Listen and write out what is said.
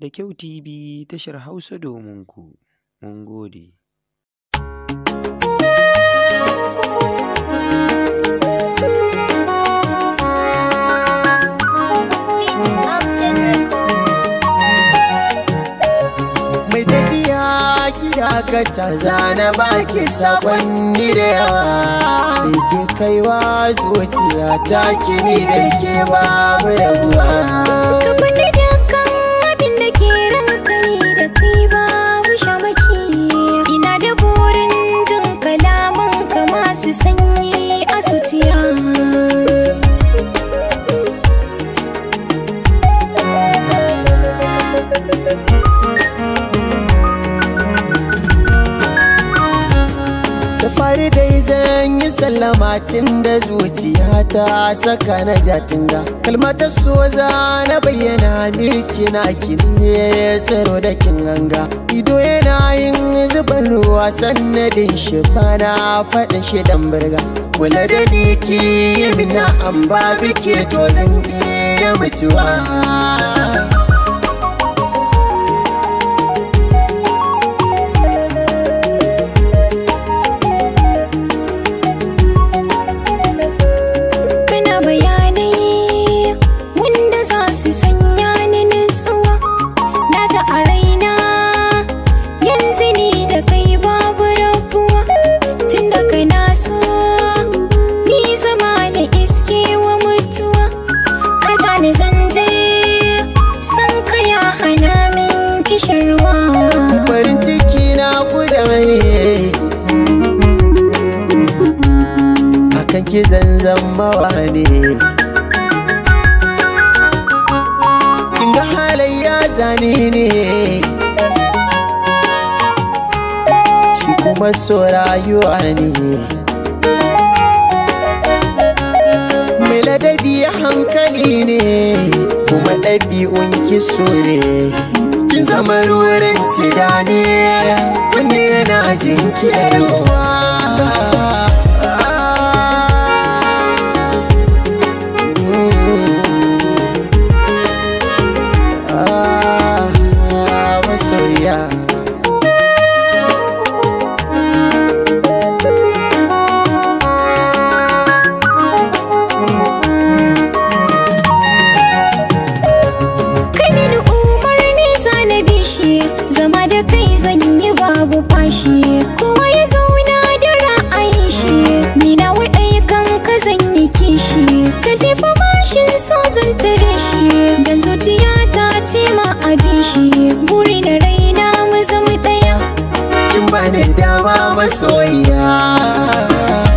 da Kyau TV tashar Hausa domin ku. Mun gode. Mai tafiya kira ka zana baki sabon nirewa sai ke kaiwa zuciya ta kini da ke babu yabuwa. Da fari dai zan yi sallama tun da zuciya ta saka na jatinga Kalmatar so na bayyana miki na kine tsaro da kinganga Ido yana yin zuban ruwa sannadin shi bana faɗin shi dan birga Kula da niki na an ba bike to zan iya mutuwa kake zanzan ne kin ga halayya zane ne shi kuma so rayuwa ne mai ladabi hankali ne kuma ɗabi'un kiso ne kin zama ruwarin tirani kunne yana jin soyayya Zama da kai zan yi babu fashi kowa ya zauna da ra'ayin shi ni na waɗai kan ka zan yi kishi ka jefa bashin so zan tare shi dan ta ce ma a ji buri na ne dama masoyiya